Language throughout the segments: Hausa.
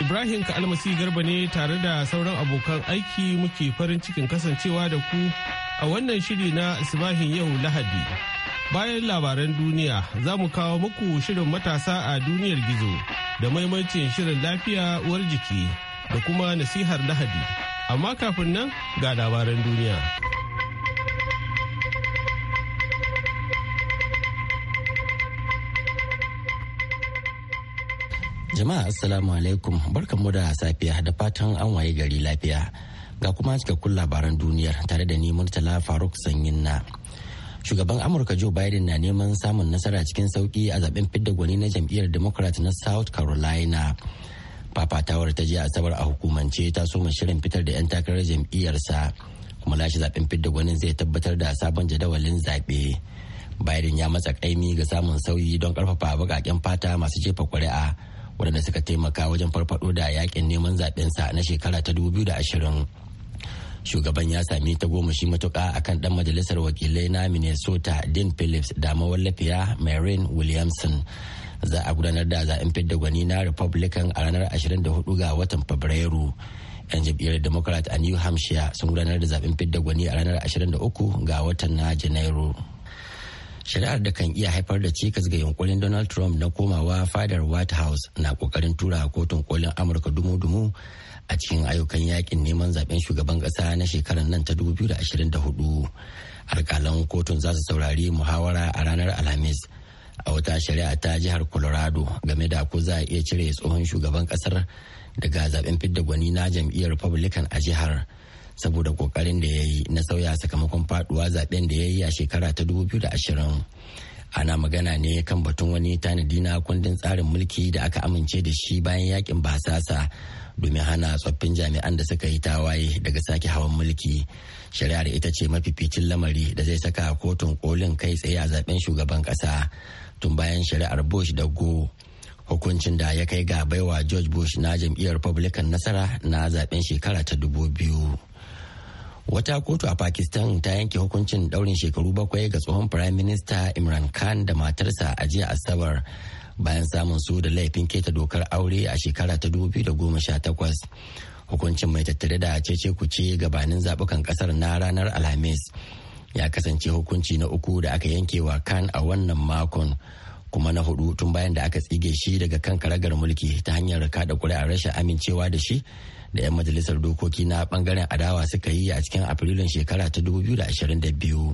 Ibrahim Ka'almasi Garba ne tare da sauran abokan aiki muke farin cikin kasancewa da ku a wannan shiri na Sibahin yau Lahadi. Bayan labaran duniya za mu kawo muku shirin matasa a duniyar gizo da maimacin shirin lafiya uwar jiki da kuma nasihar Lahadi. Amma kafin nan ga labaran duniya. Jama'a Assalamu alaikum barkanmu da safiya da fatan an waye gari lafiya. Ga kuma cikakkun labaran duniyar tare da ni Murtala Faruk Sanyin na. Shugaban Amurka Joe Biden na neman samun nasara cikin sauki a zaben fidda gwani na jam'iyyar Democrat na South Carolina. Fafatawar ta jiya Asabar a hukumance ta soma shirin fitar da 'yan takarar jam'iyyarsa kuma lashe zaben fidda gwani zai tabbatar da sabon jadawalin zaɓe. Biden ya matsa kaimi ga samun sauyi don karfafa baƙaƙen fata masu jefa ƙuri'a. waɗanda suka taimaka wajen farfaɗo da yakin neman zaɓensa na shekara ta 2020 shugaban ya sami ta goma shi matuƙa akan ɗan majalisar wakilai na minnesota dean phillips da mawallafiya marin williamson za a gudanar da zaben fidda gwani na republican a ranar 24 ga watan fabrairu 'yan jam'iyyar democrat a new hampshire sun gudanar da zaɓen fidda gwani a ranar 23 ga watan na janairu shari'ar da kan iya haifar da cikas ga yunkurin donald trump na komawa fadar white house na kokarin tura kotun kolin amurka dumu-dumu a cikin ayyukan yakin neman zaben shugaban kasa na shekarar nan ta 2024 alkalan kotun za su saurari muhawara a ranar alhamis a wata shari'a ta jihar colorado game da ko za a iya cire tsohon shugaban kasar daga zaben fidda gwani na jam'iyyar republican a jihar. saboda kokarin da ya yi na sauya sakamakon faduwa zaben da ya yi a shekara ta 2020 ana magana ne kan batun wani tanadi na kundin tsarin mulki da aka amince da shi bayan yakin basasa domin hana tsoffin jami'an da suka yi tawaye daga sake hawan mulki shari'ar ita ce mafificin lamari da zai saka kotun kolin kai tsaye a zaben shugaban kasa tun bayan shari'ar bush da go hukuncin da ya kai ga baiwa george bush na jam'iyyar republican nasara na zaben shekara ta dubu biyu. wata kotu a pakistan ta yanke hukuncin daurin shekaru bakwai ga tsohon prime minister imran khan da matarsa a jiya asabar bayan samun su da laifin keta dokar aure a shekara ta 2018 hukuncin mai tattare da cece kuce gabanin zabukan kasar na ranar alhamis ya kasance hukunci na uku da aka yanke wa khan a wannan makon kuma na hudu tun bayan da aka tsige shi daga kan karagar mulki ta hanyar kada kuri'ar rashin amincewa da shi da 'yan majalisar dokoki na bangaren adawa suka yi a cikin afrilun shekara ta 2022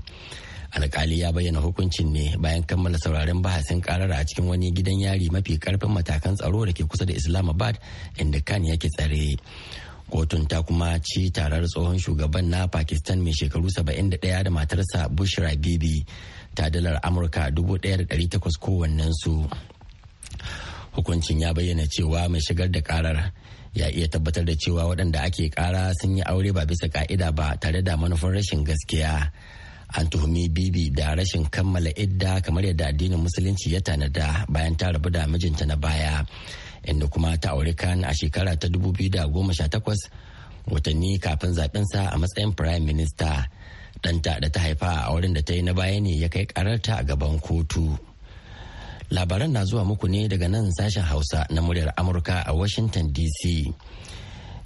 alkali ya bayyana hukuncin ne bayan kammala sauraren bahasin karar a cikin wani gidan yari mafi karfin matakan tsaro da ke kusa da islamabad inda kan yake tsare kotun ta kuma ci tarar tsohon shugaban na pakistan mai shekaru 71 da matarsa bushra bibi ta dalar amurka 1,800 su. hukuncin ya bayyana cewa mai shigar da karar ya iya tabbatar da cewa waɗanda ake kara sun yi aure ba bisa ka'ida ba tare da manufar rashin gaskiya an tuhumi bibi da rashin kammala idda kamar yadda addinin musulunci ya tanada bayan ta rabu da mijinta na baya inda kuma ta aure kan a shekara ta 2018 watanni kafin zaɓensa a matsayin prime minister danta da ta haifa a wurin da ta yi na baya ne ya kai kararta a gaban kotu labaran na zuwa muku ne daga nan sashen hausa na muryar amurka a washington dc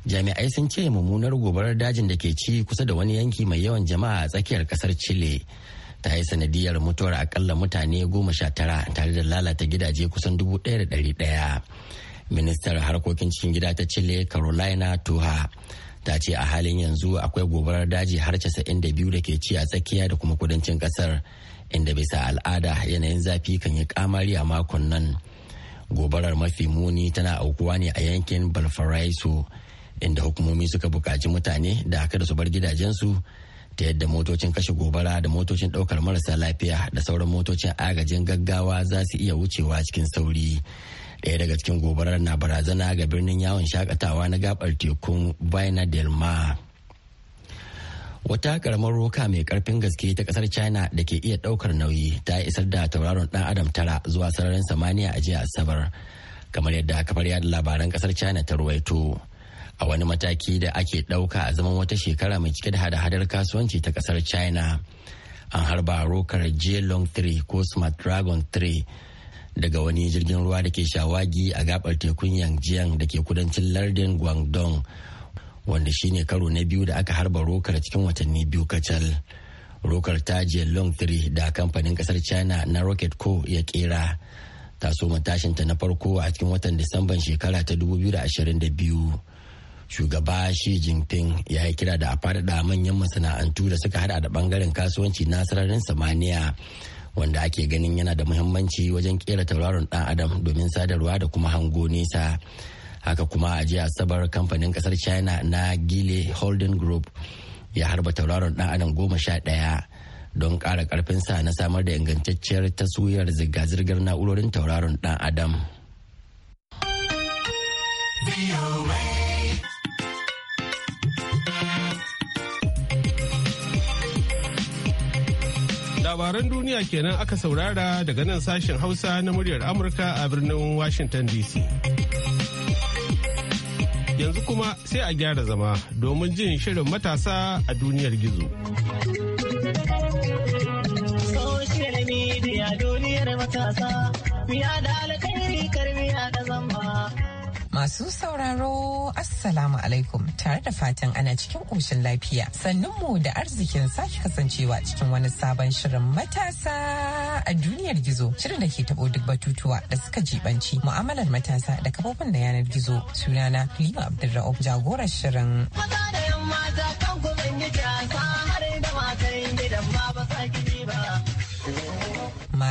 jami'ai sun ce mummunar gobarar dajin da ke ci kusa da wani yanki mai yawan jama'a a tsakiyar kasar chile ta yi sanadiyar mutuwar akalla mutane goma sha tara tare da lalata gidaje kusan dubu ɗaya da ɗari ɗaya ministar harkokin cikin gida ta chile carolina tuha ta ce a halin yanzu akwai gobarar daji har 92 da ke ci a tsakiya da kuma kudancin kasar inda bisa al'ada yanayin zafi kan yi kamari a makon nan gobarar mafi muni tana aukuwa ne a yankin balfaraiso inda hukumomi suka bukaci mutane da haka da su bar gidajensu ta yadda motocin kashe gobara da motocin ɗaukar marasa lafiya da sauran motocin agajin gaggawa za su iya wucewa cikin sauri daya daga cikin gobarar na barazana ga birnin yawon shakatawa na gabar tekun baina del mar wata karamar roka mai karfin gaske ta kasar china da ke iya daukar nauyi ta isar da tauraron dan adam tara zuwa sararin samaniya a jiya asabar kamar yadda kafar yada labaran kasar china ta ruwaito a wani mataki da ake ɗauka a zaman wata shekara mai cike da hada-hadar kasuwanci ta kasar china an harba rokar j long 3 ko smart dragon 3 daga wani jirgin ruwa da ke shawagi a gabar tekun Yangjiang da ke kudancin lardin Guangdong wanda shine karo na biyu da aka harba rokar cikin watanni biyu kacal. Rokar ta Long 3 da kamfanin kasar China na Rocket Co ya kera. Ta so matashinta na farko a cikin watan Disamban shekara ta 2022. shugaba shi Jinping ya yi kira da a faɗaɗa manyan masana'antu da suka hada da bangaren kasuwanci na sararin samaniya wanda ake ganin yana da muhimmanci wajen kera tauraron dan adam domin sadarwa da kuma hango nesa haka kuma a jiya asabar kamfanin kasar china na gile holding group ya harba tauraron dan adam goma sha daya don ƙara sa na samar da ingantacciyar taswirar zirga-zirgar na'urorin tauraron dan adam. labaran duniya kenan aka saurara daga nan sashen hausa na muryar amurka a birnin washington dc yanzu kuma sai a gyara zama domin jin shirin matasa a duniyar gizo social media duniyar matasa Masu sauraro Assalamu alaikum tare da fatan ana cikin koshin lafiya. Sannunmu da arzikin sake kasancewa cikin wani sabon shirin matasa a duniyar gizo. Shirin da ke taɓo duk batutuwa da suka jibanci mu'amalar matasa da kafofin da yanar gizo. Sunana Lima Abdulra'uf jagorar shirin. Mata da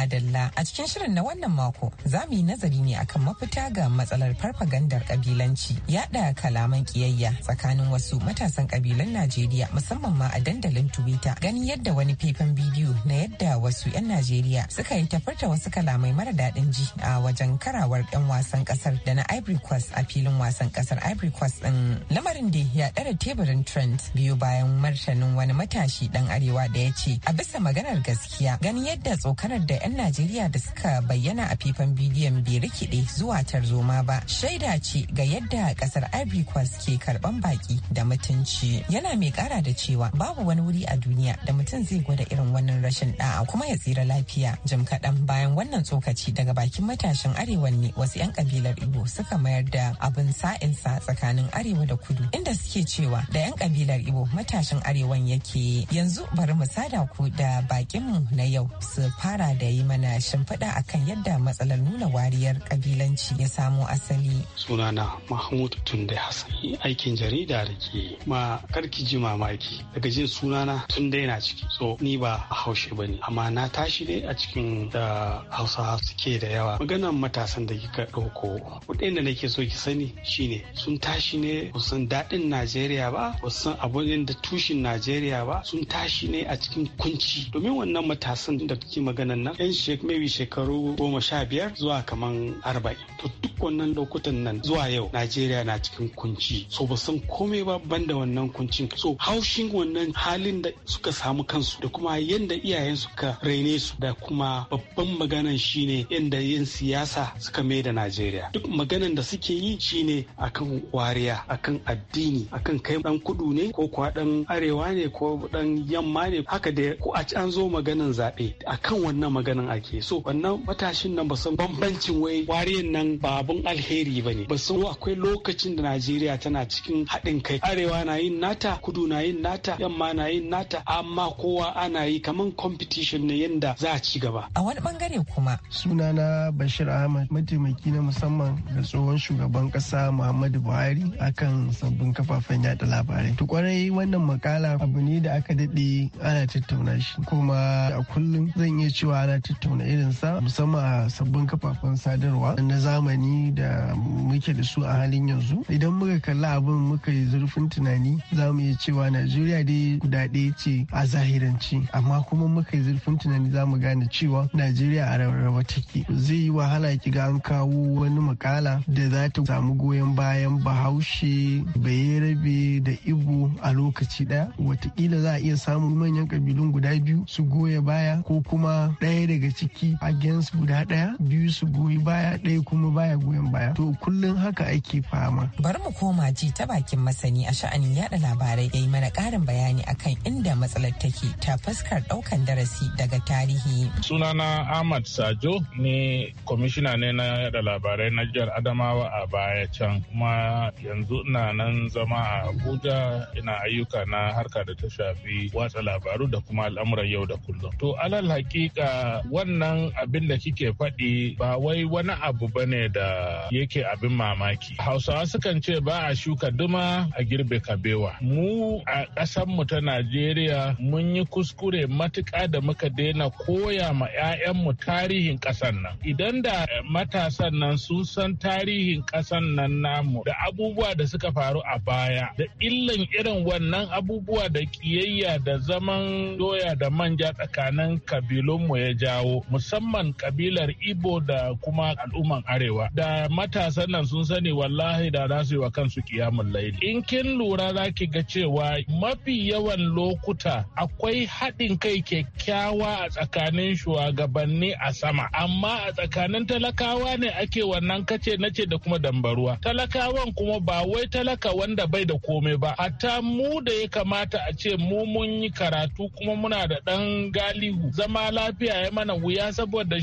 dalla a cikin shirin na wannan mako za mu yi nazari ne akan mafita ga matsalar farfagandar kabilanci yaɗa kalaman kiyayya tsakanin wasu matasan kabilan Najeriya musamman ma a dandalin Twitter ganin yadda wani faifan bidiyo na yadda wasu 'yan Najeriya suka yi tafarta wasu kalamai mara daɗin ji a wajen karawar 'yan wasan kasar da na Ivory Coast a filin wasan kasar Ivory Coast din lamarin da ya ɗara teburin Trent biyu bayan martanin wani matashi dan arewa da ya ce a bisa maganar gaskiya ganin yadda tsokanar da 'yan Najeriya da suka bayyana a fifan bidiyon bai rikide zuwa tarzoma ba shaida ce ga yadda kasar Ivory Coast ke karban baki da mutunci. Yana mai kara da cewa babu wani wuri a duniya da mutum zai gwada irin wannan rashin da'a kuma ya tsira lafiya. Jim kaɗan bayan wannan tsokaci daga bakin matashin arewa ne wasu 'yan kabilar Igbo suka mayar da abin sa tsakanin arewa da kudu inda suke cewa da 'yan kabilar Igbo matashin arewan yake yanzu bari mu sada ku da bakinmu na yau su fara da yi mana shimfiɗa akan yadda matsalar nuna wariyar kabilanci ya samo asali. Sunana Mahmud Tunde Hassan aikin jarida da ke ma karki ji mamaki daga jin sunana Tunde yana ciki so ni ba a haushe ba ne amma na tashi ne a cikin da hausa suke da yawa maganan matasan da kika ɗauko kuɗin da nake so ki sani shine sun tashi ne kusan daɗin Najeriya ba kusan san abin da tushen Najeriya ba sun tashi ne a cikin kunci domin wannan matasan da kike maganan nan maybe shekaru goma sha biyar zuwa kaman arba'in to duk wannan lokutan nan zuwa yau najeriya na cikin kunci so ba san komai ba banda wannan kuncin so haushin wannan halin da suka samu kansu da kuma yadda iyayen suka raine su da kuma babban maganan shine yadda yin siyasa suka mai da najeriya duk maganan da suke yi shine akan wariya akan addini akan kai dan kudu ne ko kuwa dan arewa ne ko dan yamma ne haka da ko a an zo maganan zaɓe akan wannan maganan ake so wannan matashin nan ba su bambancin wai wariyan nan ba abun alheri ba ne ba akwai lokacin da najeriya tana cikin haɗin kai arewa na yin nata kudu na yin nata yamma na yin nata amma kowa ana yi kaman competition ne yanda za a ci gaba a wani bangare kuma sunana bashir ahmad mataimaki na musamman ga tsohon shugaban kasa muhammadu buhari akan sabbin kafafen yaɗa labarai tukwarai wannan makala abu ne da aka daɗe ana tattauna shi kuma a kullum zan iya cewa ana tattauna sa musamman a sabbin kafafen sadarwa na zamani da muke da su a halin yanzu idan muka kalla abin muka yi zurfin tunani za mu iya cewa najeriya dai guda ɗaya ce a zahiranci amma kuma muka yi zurfin tunani za mu gane cewa najeriya a rarraba take zai yi wahala ki ga an kawo wani makala da za ta samu goyon bayan bahaushe bayerabe da ibo a lokaci ɗaya watakila za a iya samun manyan kabilun guda biyu su goya baya ko kuma ɗaya daga daga ciki against guda daya biyu su goyi baya daya kuma baya goyon baya to kullum haka ake fama. bari mu koma ji ta bakin masani a sha'anin yada labarai yayi mana karin bayani akan inda matsalar take ta fuskar ɗaukan darasi daga tarihi. sunana ahmad sajo ne kwamishina ne na yada labarai na jihar adamawa a baya can kuma yanzu ina nan zama a abuja ina ayyuka na harka da ta shafi watsa labaru da kuma al'amuran yau da kullum to alal hakika wannan abin da kike faɗi ba wai wani abu ba ne da yake abin mamaki hausawa sukan ce ba a shuka duma a girbe kabewa mu a mu ta najeriya mun yi kuskure matuƙa da muka daina koya ma 'ya'yanmu tarihin ƙasar nan idan da eh, matasan nan sun san tarihin ƙasar nan namu da abubuwa da suka faru a baya da illan irin wannan abubuwa da ƙiyayya da zaman doya da manja tsakanin kabilunmu ya ja dawo musamman kabilar Ibo da kuma al'umman Arewa. Da matasan nan sun sani wallahi da za su yi wa kansu kiyamun laili. In kin lura za ki ga cewa mafi yawan lokuta akwai haɗin kai kyakkyawa a tsakanin shugabanni a sama amma a tsakanin talakawa ne ake wannan kace ce da kuma dambaruwa. Talakawan kuma ba wai talaka wanda bai da komai ba hatta mu da ya kamata a ce mu mun yi karatu kuma muna da ɗan galihu zama lafiya ya mana wuya saboda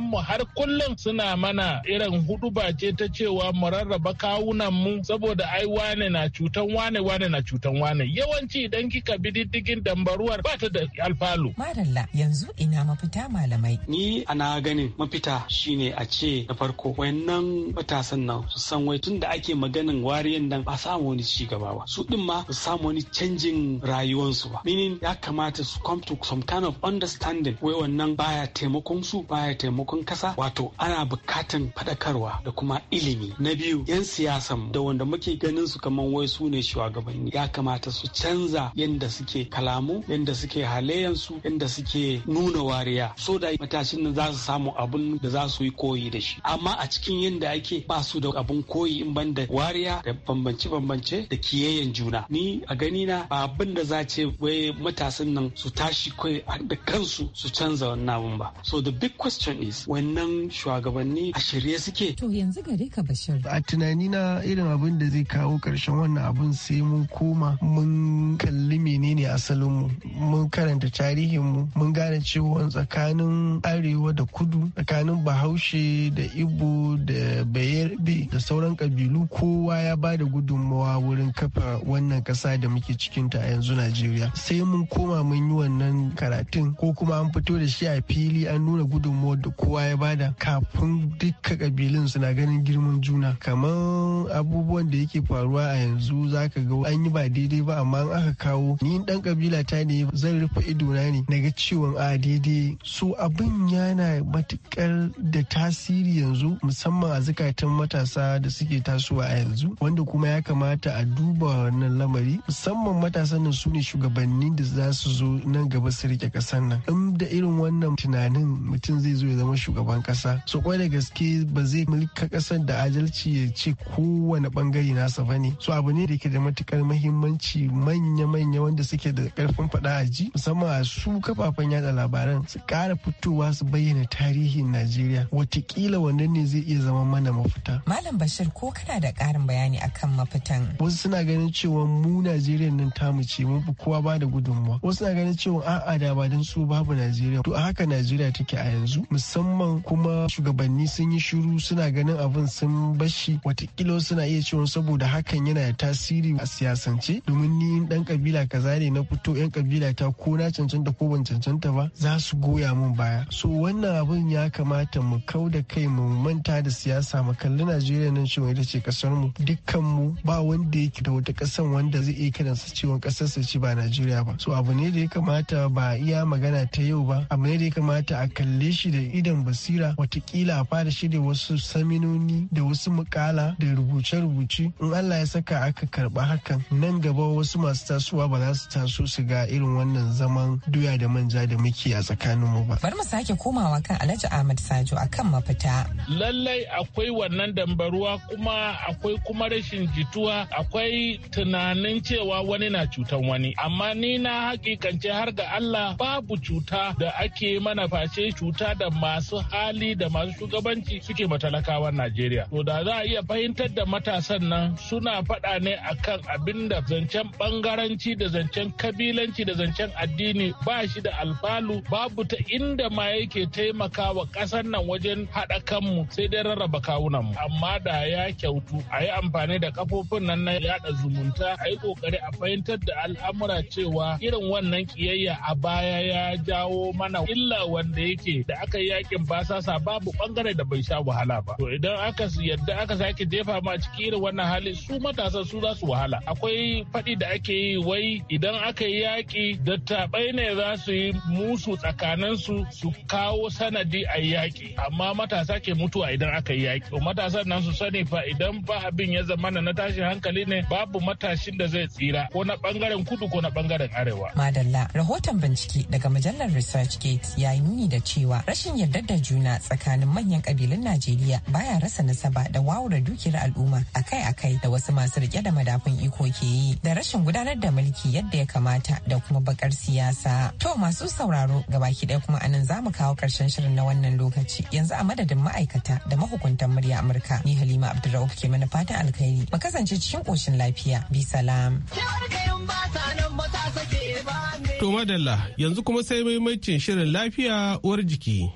mu har kullum suna mana irin huduba ce ta cewa mu rarraba kawunan mu saboda ai wane na cutan wane wane na cutan wane yawanci idan kika bi diddigin dambaruwar ba ta da alfalu. Madalla yanzu ina mafita malamai. Ni ana ganin mafita shine a ce na farko wayannan matasan nan su san wai tun da ake maganin wariyan nan ba samu wani ci gaba ba su din ma su samu wani canjin rayuwansu ba. Minin ya kamata su come to some kind of understanding wai wannan sannan baya taimakon su baya taimakon kasa wato ana bukatan faɗakarwa da kuma ilimi na biyu yan siyasan da wanda muke ganin su kamar wai su ne shugabanni ya kamata su canza yanda suke kalamu yadda suke su. yanda suke nuna wariya so da matashin nan za su samu abun da za su yi koyi da shi amma a cikin yanda ake ba su da abun koyi in ban da wariya da bambance-bambance da kiyayen juna ni a gani na abin da za ce wai matasan nan su tashi kai da kansu su canza wannan ba so the big question is wannan shugabanni a shirye suke to yanzu gare ka bashir a tunani na irin abin da zai kawo karshen wannan abun sai mun koma mun kalli menene asalin mu mun karanta tarihin mu mun gane cewa tsakanin arewa da kudu tsakanin bahaushe da ibo da bayerbe da sauran kabilu kowa ya ba da gudunmawa wurin kafa wannan kasa da muke cikinta a yanzu najeriya sai mun koma mun yi wannan karatun ko kuma an fito da shi a fili an nuna gudunmuwar da kowa ya bada kafin dukkan kabilun suna ganin girman juna kamar abubuwan da yake faruwa a yanzu za ka ga an yi ba daidai ba amma an aka kawo ni dan kabila ta ne zan rufe idona ne na ga ciwon a daidai so abin yana matukar da tasiri yanzu musamman a zukatan matasa da suke tasowa a yanzu wanda kuma ya kamata a duba wannan lamari musamman matasan nan su ne shugabannin da za su zo nan gaba su rike kasar nan in da irin wannan wannan tunanin mutum zai zo ya zama shugaban kasa so kwai da gaske ba zai mulka kasar da adalci ya ce kowane bangare nasa ba ne so abu ne da yake da matukar muhimmanci manya-manya wanda suke da karfin fada a ji musamman a su kafafen yada labaran su kara fitowa su bayyana tarihin najeriya watakila wannan ne zai iya zama mana mafita malam bashir ko kana da karin bayani akan mafitan wasu suna ganin cewa mu najeriya nan tamu ce mu kowa ba da gudunmuwa wasu suna ganin cewa a'a da ba don su babu najeriya to a haka najeriya take a yanzu musamman kuma shugabanni sun yi shiru suna ganin abin sun bashi watakila suna iya cewa saboda hakan yana da tasiri a siyasance domin ni dan kabila kaza ne na fito yan kabila ta ko na cancanta ko ban cancanta ba za su goya min baya so wannan abin ya kamata mu kau da kai mu manta da siyasa mu kalli najeriya nan cewa ita ce kasar mu dukkan mu ba wanda yake da wata kasan wanda zai iya kiransa ciwon kasar kasarsa ci ba najeriya ba so abu ne da ya kamata ba iya magana ta yau ba kuma da ya kamata a kalle shi da idan basira watakila a fara shirya wasu saminoni da wasu mukala da rubuce-rubuce in Allah ya saka aka karba hakan nan gaba wasu masu tasowa ba za su taso su ga irin wannan zaman doya da manja da muke a tsakanin mu ba. Bari mu sake komawa kan Alhaji Ahmad Sajo akan mafita. Lallai akwai wannan dambaruwa kuma akwai kuma rashin jituwa akwai tunanin cewa wani na cutan wani amma ni na hakikance har ga Allah babu cuta da ake ake mana face cuta da masu hali da masu shugabanci suke matalakawan Najeriya. To da za a iya fahimtar da matasan nan suna faɗa ne akan abin da zancen bangaranci da zancen kabilanci da zancen addini ba shi da alfalu babu ta inda ma yake taimakawa ƙasar nan wajen haɗa kanmu sai dai rarraba kawunan mu Amma da ya kyautu a yi amfani da kafofin nan na yaɗa zumunta a yi ƙoƙari a fahimtar da al'amura cewa irin wannan ƙiyayya a baya ya jawo mana illa wanda yake da aka yi yakin basasa babu bangare da bai sha wahala ba to idan aka yadda aka sake jefa ma cikin irin wannan hali su matasan su za su wahala akwai faɗi da ake yi wai idan aka yi yaƙi dattabai ne za su yi musu tsakaninsu su kawo sanadi a yaƙi amma matasa ke mutuwa idan aka yi yaƙi to matasan nan su sani fa idan ba abin ya zama na tashin hankali ne babu matashin da zai tsira ko na bangaren kudu ko na bangaren arewa madalla rahoton bincike daga mujallar research ke Gates ya yi nuni da cewa rashin yardar da juna tsakanin manyan kabilun Najeriya baya rasa nasaba da wawura dukiyar al'umma akai-akai da wasu masu rike da madafun iko ke yi da rashin gudanar da mulki yadda ya kamata da kuma bakar siyasa. To masu sauraro gabaki ɗaya kuma anan za mu kawo ƙarshen shirin na wannan lokaci yanzu a madadin ma'aikata da mahukuntan murya Amurka ni Halima Abdulrauf ke mana fatan alkhairi mu kasance cikin koshin lafiya bi salam. To madalla yanzu kuma sai maimacin shirin lafiya uwar jiki.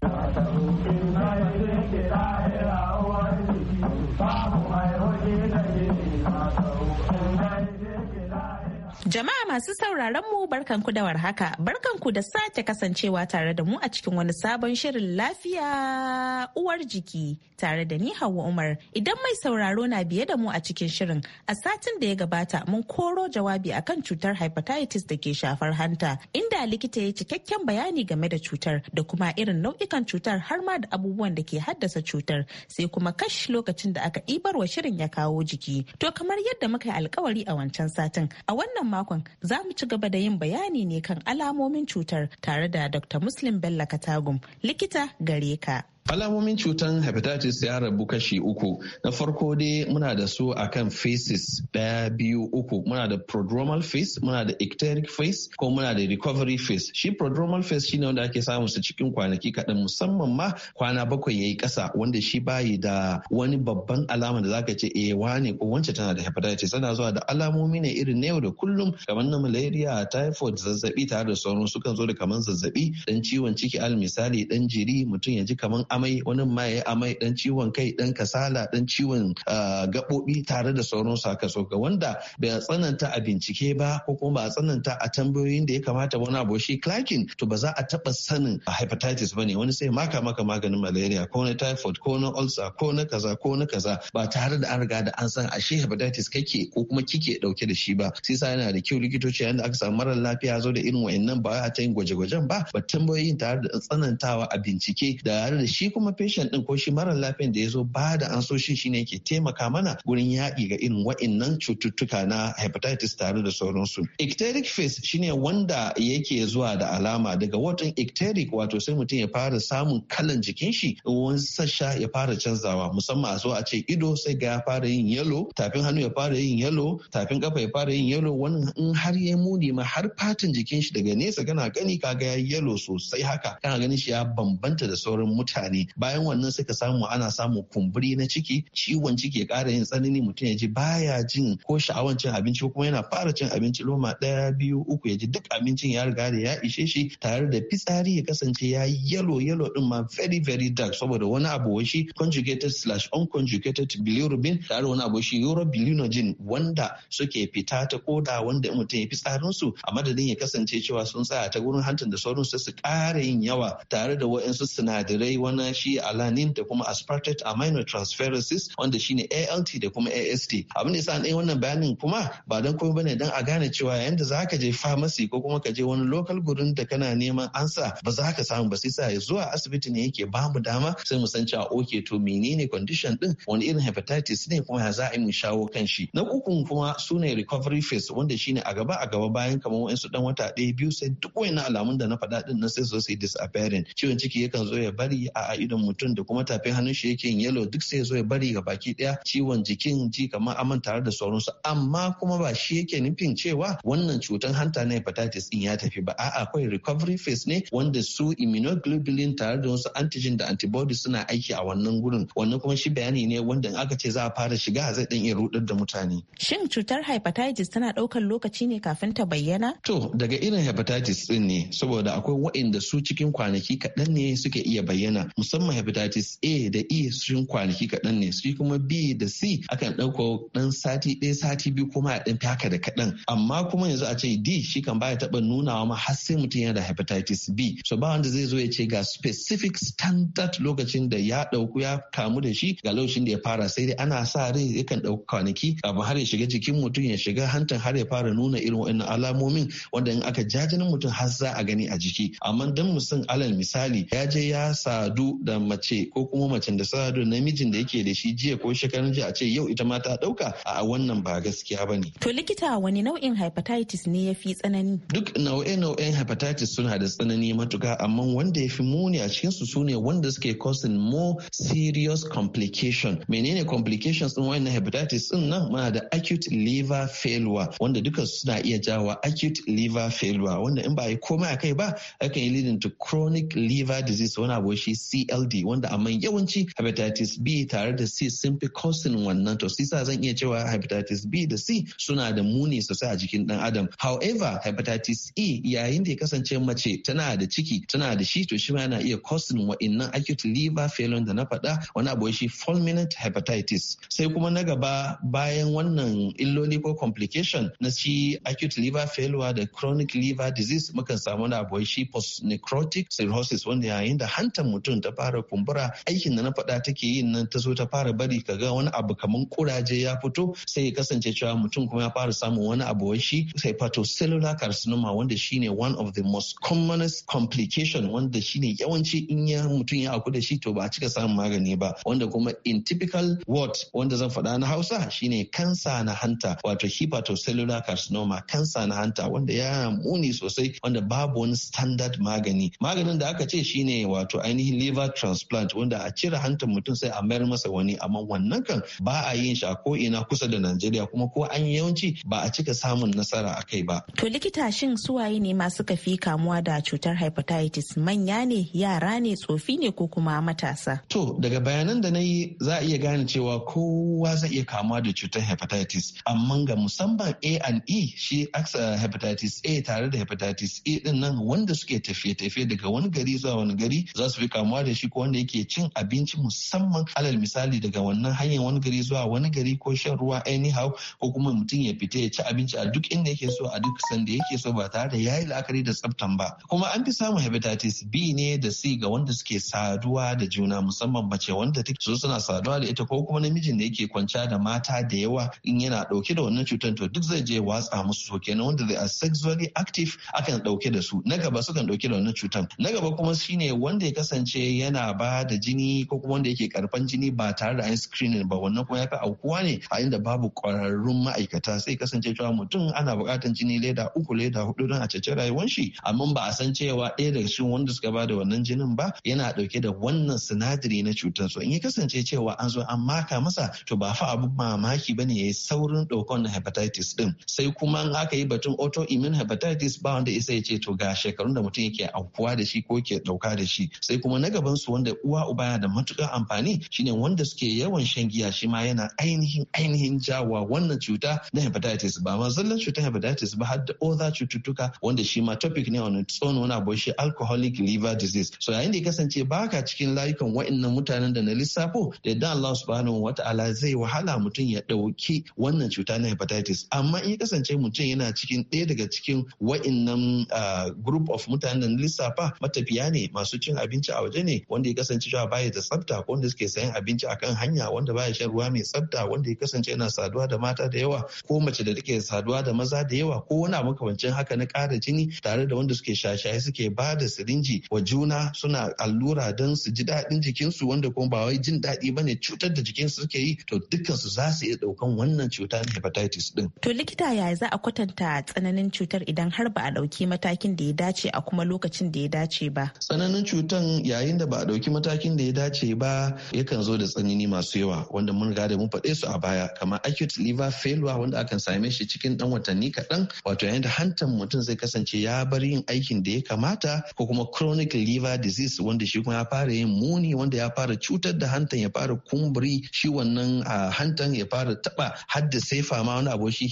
Jama'a masu sauraron mu barkanku da warhaka, barkanku da sake kasancewa tare da mu a cikin wani sabon shirin lafiya uwar jiki tare da ni Hauwa Umar. Idan mai sauraro na biye da mu a cikin shirin, a satin da ya gabata mun koro jawabi akan cutar hepatitis da ke shafar hanta, inda likita ya cikakken bayani game da cutar da kuma irin nau'ikan cutar har ma da abubuwan da ke haddasa cutar, sai kuma kash lokacin da aka ɗibar wa shirin ya kawo jiki. To kamar yadda muka yi alkawari a wancan satin, a wannan makon za mu ci gaba da yin bayani ne kan alamomin cutar tare da Dr. Muslim Bello Katagum likita gare ka. Alamomin cutan hepatitis ya rabu kashi uku. Na farko dai muna da su akan faces daya biyu uku. Muna da prodromal face, muna da ecteric face, ko muna da recovery face. Shi prodromal face shine wanda ake samun su cikin kwanaki kaɗan musamman ma kwana bakwai yayi kasa wanda shi bayi da wani babban alama da zaka ce eh wane ko wance tana da hepatitis tana zuwa da alamomi ne irin na yau da kullum kamar na malaria, typhoid, zazzabi tare da sauran sukan zo da kamar zazzabi, dan ciwon ciki al misali dan jiri mutum ya ji kamar amai wani ma ya amai dan ciwon kai dan kasala dan ciwon ah, gaɓoɓi tare da sauran saka-soka wanda bai tsananta a bincike ba ko kuma ba tsananta a tambayoyin da ya kamata wani abu shi clacking to ba za a taba sanin hepatitis ba ne wani sai maka maka maganin malaria ko na typhoid ko na ulcer ko na kaza ko na kaza ba tare da an riga da an san ashe hepatitis kake ko kuma kike dauke da shi ba sai sa yana da kyau likitoci yayin da aka samu marar lafiya zo da irin wa'annan ba a ta yin gwaje-gwajen ba ba tambayoyin tare da tsanantawa a bincike da tare da shi shi kuma patient din ko shi mara lafiyan da ya zo ba da shi shine ke taimaka mana gurin yaƙi ga irin wa'innan cututtuka na hepatitis tare da sauransu ecteric phase shine wanda yake zuwa da alama daga watan ecteric wato sai mutum ya fara samun kalan jikin shi ruwan sassa ya fara canzawa musamman a zo a ce ido sai ga ya fara yin yalo tafin hannu ya fara yin yalo tafin kafa ya fara yin yalo wani in har ya muni ma har fatan jikin shi daga nesa kana gani kaga ya yalo sosai haka kana ganin shi ya bambanta da sauran mutane mutane bayan wannan suka samu ana samun kumburi na ciki ciwon ciki ya kara yin tsanani mutum ya ji baya jin ko sha'awan cin abinci ko kuma yana fara cin abinci loma ɗaya biyu uku ya ji duk abincin ya riga da ya ishe shi tare da fitsari ya kasance ya yalo yalo din ma very very dark saboda wani abu shi conjugated slash unconjugated bilirubin tare wani abu shi urobilinogen wanda suke fita ta koda wanda mutum ya fitsarinsu su a madadin ya kasance cewa sun tsaya ta gurin hantar da sauran su su ƙara yin yawa tare da waɗansu sinadarai wani na shi alanin da kuma aspartate aminotransferosis wanda shine ALT da kuma AST abin da yasa an wannan bayanin kuma ba dan komai bane dan a gane cewa yayin za ka je pharmacy ko kuma ka je wani local gurin da kana neman ansa ba za ka samu ba sai sa zuwa asibiti ne yake ba mu dama sai mu san cewa okay to menene condition din wani irin hepatitis ne kuma ya za a yi mu shawo kan shi na ukun kuma sune recovery phase wanda shine a gaba a gaba bayan kamar wa'ansu dan wata ɗaya biyu sai duk wani alamun da na faɗa din nan sai su sai disappearing ciwon ciki yakan zo ya bari a a idon mutum da kuma tafin hannun shi yake yin yellow duk sai zo ya bari ga baki daya ciwon jikin ji kamar aman tare da sauransu amma kuma ba shi yake nufin cewa wannan cutar hanta na hepatitis din ya tafi ba a'a akwai recovery phase ne wanda su immunoglobulin tare da wasu antigen da antibodies suna aiki a wannan gurin wannan kuma shi bayani ne wanda in aka ce za a fara shiga zai dan iya rudar da mutane shin cutar hepatitis tana daukar lokaci ne kafin ta bayyana to daga irin hepatitis din ne saboda akwai waɗanda su cikin kwanaki kaɗan ne suke iya bayyana musamman hepatitis A da E sun kwanaki kaɗan ne su kuma B da C akan ɗauko ɗan sati ɗaya sati biyu kuma a ɗan haka da kaɗan amma kuma yanzu a ce D shi kan baya taɓa nunawa ma har sai mutum yana da hepatitis B so ba wanda zai zo ya ce ga specific standard lokacin da ya ɗauku ya kamu da shi ga lokacin da ya fara sai dai ana sa rai yakan ɗauki kwanaki kafin har ya shiga jikin mutum ya shiga hantan har ya fara nuna irin wa'annan alamomin wanda in aka jajinin mutum har za a gani a jiki amma dan san alal misali ya je ya sadu da mace ko kuma macen da sadu namijin da yake da shi jiya ko shekaran jiya a ce yau ita ma ta dauka a wannan ba gaskiya ba ne. To likita wani nau'in hepatitis ne ya fi tsanani? Duk naue nauin hepatitis suna da tsanani matuka amma wanda ya fi muni a cikin su sune wanda suke causing more serious complication. Menene complications din wannan hepatitis din nan muna da acute liver failure wanda duka suna iya jawa acute liver failure wanda in ba yi komai a kai ba akan yi leading to chronic liver disease wani abu shi PLD wanda amma yawanci hepatitis B tare da C sun fi causing wannan to sisa zan iya cewa hepatitis B da C suna da muni sosai a jikin dan adam. However hepatitis E yayin da ya kasance mace tana da ciki tana da shi to shi ma yana iya causing wa'innan acute liver failure da na faɗa wani abu shi fulminant hepatitis. Sai kuma na gaba bayan wannan illoli ko complication na shi acute liver failure da chronic liver disease mukan samu na abu shi post necrotic cirrhosis wanda yayin da hantar mutum ta fara kumbura aikin da na faɗa take yin nan ta zo ta fara bari ka ga wani abu kaman kuraje ya fito sai ya kasance cewa mutum kuma ya fara samun wani abu shi hepatocellular carcinoma wanda shine one of the most commonest complication wanda shine yawanci in ya mutum ya aku da shi to ba a cika samun magani ba wanda kuma in typical word wanda zan faɗa na Hausa shine kansa na hanta wato hepatocellular carcinoma kansa na hanta wanda ya muni sosai wanda babu wani standard magani maganin da aka ce shine wato ainihin liver transplant wanda a cire hantar mutum sai a mayar masa wani amma wannan kan ba a yin shi a ko ina kusa da Najeriya kuma ko an yawanci ba a cika samun nasara a kai ba. To likita shin suwaye ne masu kafi kamuwa da cutar hepatitis manya ne yara ne tsofi ne ko kuma matasa? To daga bayanan da na yi za a iya gane cewa kowa zai iya kamuwa da cutar hepatitis amma ga musamman A and E shi hepatitis A tare da hepatitis A e din nan wanda suke tafiye-tafiye daga wani gari zuwa wani gari za su fi kamuwa da shi ko wanda yake cin abinci musamman alal misali daga wannan hanyar wani gari zuwa wani gari ko shan ruwa anyhow ko kuma mutum ya fita ya ci abinci a duk inda yake so a duk sanda yake so ba tare da yayi la'akari da tsaftan ba kuma an fi samun hepatitis B ne da C ga wanda suke saduwa da juna musamman mace wanda take so suna saduwa da ita ko kuma namijin da yake kwanciya da mata da yawa in yana dauke da wannan cutar to duk zai je watsa musu so kenan wanda they are sexually active akan dauke da su na gaba sukan dauke da wannan cutar na gaba kuma shine wanda ya kasance yana ba da jini ko kuma wanda yake karfan jini ba tare da an screening ba wannan kuma ya fi aukuwa ne a inda babu kwararrun ma'aikata sai kasance cewa mutum ana buƙatar jini leda uku leda hudu don a cece rayuwar shi amma ba a san cewa ɗaya daga cikin wanda suka ba da wannan jinin ba yana ɗauke da wannan sinadari na cutar so in ya kasance cewa an zo an maka masa to ba fa abu mamaki bane ya yi saurin ɗaukan na hepatitis din sai kuma in aka yi batun autoimmune hepatitis ba wanda isa ya ce to ga shekarun da mutum yake aukuwa da shi ko ke ɗauka da shi sai kuma na gaban su wanda uwa uba yana da matukar amfani shine wanda suke yawan shan giya shi ma yana ainihin ainihin jawa wannan cuta na hepatitis ba ma zallan cutar hepatitis ba har da other cututtuka wanda shi ma topic ne wani tsono wani abu shi alcoholic liver disease so yayin da kasance baka cikin layukan wa'annan mutanen da na lissafo da yadda Allah subhanahu wataala zai wahala mutum ya dauki wannan cuta na hepatitis amma in kasance mutum yana cikin ɗaya daga cikin wa'annan ah, group of mutanen da na lissafa matafiya ne masu cin abinci a waje ne ne wanda ya kasance cewa baya da tsafta ko wanda suke sayan abinci akan hanya wanda baya shan ruwa mai tsafta wanda ya kasance yana saduwa da mata da yawa ko mace da take saduwa da maza da yawa ko wani kamancin haka na kara jini tare da wanda suke shashaye suke ba da sirinji wa juna suna allura don su ji daɗin jikinsu wanda kuma ba wai jin daɗi ba ne cutar da jikinsu suke yi to dukkansu za su iya ɗaukan wannan cuta na hepatitis din. To likita ya za a kwatanta tsananin cutar idan har ba a ɗauki matakin da ya dace a kuma lokacin da ya dace ba. Tsananin cutan yayin da ba a ɗauki matakin da ya dace ba yakan zo da tsanani masu yawa wanda mun riga da mun faɗe su a baya kamar acute liver failure wanda akan same shi cikin ɗan watanni kaɗan wato yayin da hantan mutum zai kasance ya bar yin aikin da ya kamata ko kuma chronic liver disease wanda shi kuma ya fara yin muni wanda ya fara cutar da hantan ya fara kumburi shi wannan hantan ya fara taɓa hadda sai fama wani abu shi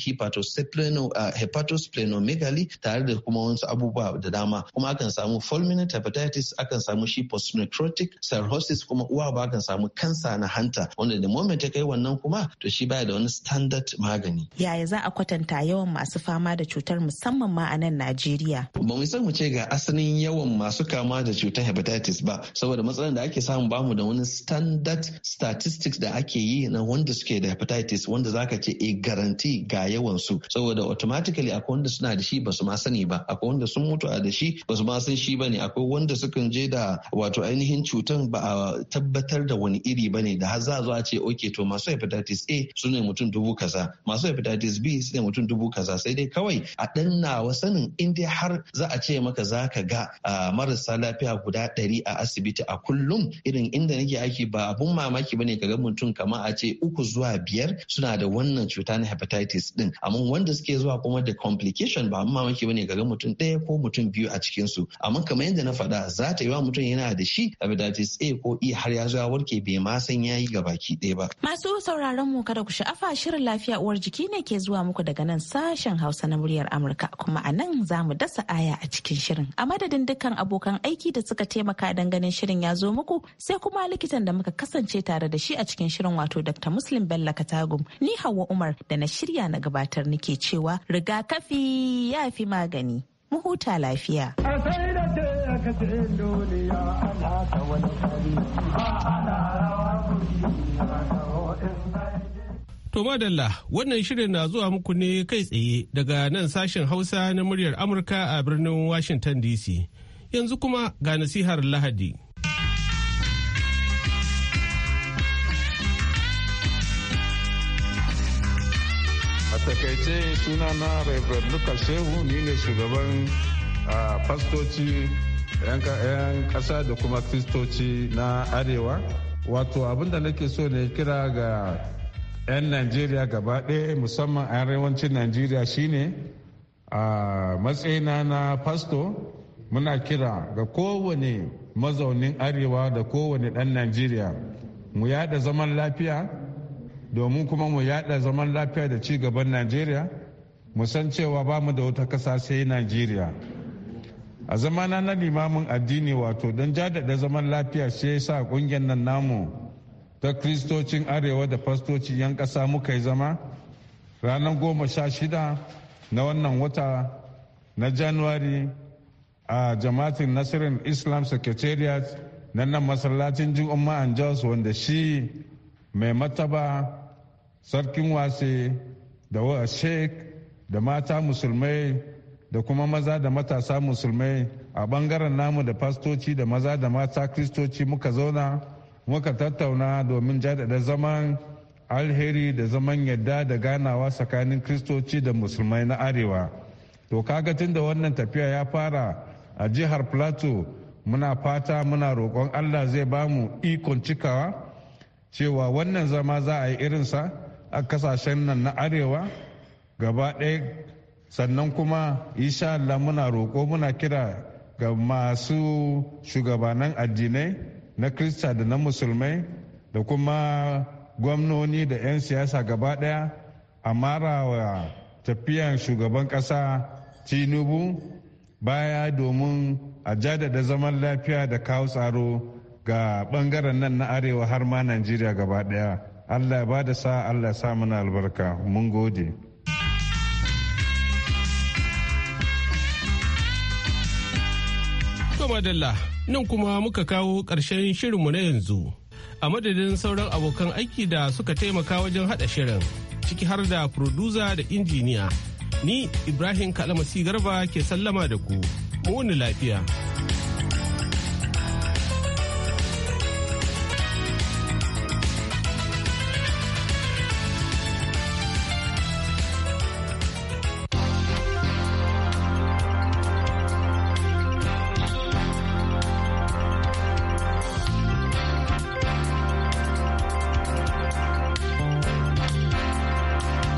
hepatosplenomegaly tare da kuma wasu abubuwa da dama kuma akan samu fulminant hepatitis akan samu shi post necrotic cirrhosis kuma uwa ba kan samu kansa na hanta wanda da moment ya kai wannan kuma to shi baya da wani standard magani yaya za a kwatanta yawan masu fama da cutar musamman ma a nan Najeriya ba mu san mu ce ga asalin yawan masu kama da cutar hepatitis ba saboda matsalar da ake samu bamu da wani standard statistics da ake yi na wanda suke da hepatitis wanda zaka ce a eh, garanti ga yawan su saboda automatically akwai wanda suna da shi ba su ma sani ba akwai wanda sun mutu a da shi ba su ma san shi bane akwai wanda sukan je da wato wato ainihin cutan ba a tabbatar da wani iri ba ne da har za a zo a ce ok to masu hepatitis A su ne mutum dubu kaza masu hepatitis B su ne mutum dubu kaza sai dai kawai a dan nawa sanin in dai har za a ce maka za ka ga marasa lafiya guda ɗari a asibiti a kullum irin inda nake aiki ba abun mamaki ba ka ga mutum kama a ce uku zuwa biyar suna da wannan cuta na hepatitis din amma wanda suke zuwa kuma da complication ba abun mamaki ba ka ga mutum ɗaya ko mutum biyu a cikinsu amma kamar yadda na faɗa za ta yi wa mutum yana da shi hepatitis A ko E har ya zo warke bai ma san yayi ga baki ɗaya ba. Masu sauraron mu kada ku sha'afa shirin lafiya uwar jiki ne ke zuwa muku daga nan sashen Hausa na muryar Amurka kuma a nan za mu dasa aya a cikin shirin. A madadin dukkan abokan aiki da suka taimaka dan ganin shirin ya zo muku sai kuma likitan da muka kasance tare da shi a cikin shirin wato Dr. Muslim Bello Katagum ni Hauwa Umar da na shirya na gabatar nake cewa rigakafi ya fi magani. Mu huta lafiya. To madalla wannan shirin na zuwa muku ne kai tsaye daga nan sashen Hausa na muryar Amurka a birnin Washington DC. Yanzu kuma ga nasihar Lahadi. A takaice sunana Reverend Lucas Shehu ni ne shugaban ah, fastoci 'yan ƙasa da kuma kristoci na arewa wato abinda nake so ne kira ga 'yan najeriya gaba ɗaya musamman a arewacin najeriya shine a matsayina na fasto muna kira ga kowane mazaunin arewa da kowane ɗan najeriya mu yada zaman lafiya domin kuma mu yada zaman lafiya da ci gaban najeriya mu san cewa ba mu da wata ƙasa sai najeriya a zamana na limamin addini wato don jadada zaman lafiya shi ya sa kungiyar nan namu ta kristocin arewa da fastocin yan kasa muka yi zama ranar goma sha shida na wannan wata na januwari a jama'atin nasirin islam secretariat na nan masallacin juma'a jos wanda shi mai mataba sarkin wase da wa sheik da mata musulmai da kuma maza da matasa musulmai a bangaren namu da fastoci da maza da mata kristoci muka zauna muka tattauna domin jadada zaman alheri da zaman yadda da ganawa tsakanin kristoci da musulmai na arewa to kaga tun da wannan tafiya ya fara a jihar plateau muna fata muna roƙon allah zai bamu ikon cikawa cewa wannan zama za a yi irinsa a kasashen nan na arewa gaba ɗaya sannan kuma insha Allah muna roƙo muna kira ga masu shugabannin addinai na krista da na musulmai da kuma gwamnoni da 'yan siyasa gaba ɗaya a marawa tafiyan shugaban ƙasa tinubu baya domin a jadada zaman lafiya da kawo tsaro ga bangaren nan na arewa har ma najeriya gaba ɗaya allah ba da sa allah sa mana albarka mun gode. To madalla nan kuma muka kawo ƙarshen shirinmu na yanzu. A madadin sauran abokan aiki da suka taimaka wajen haɗa shirin ciki har da furduza da injiniya. Ni Ibrahim Kalamasi Garba ke sallama da ku. Mu lafiya.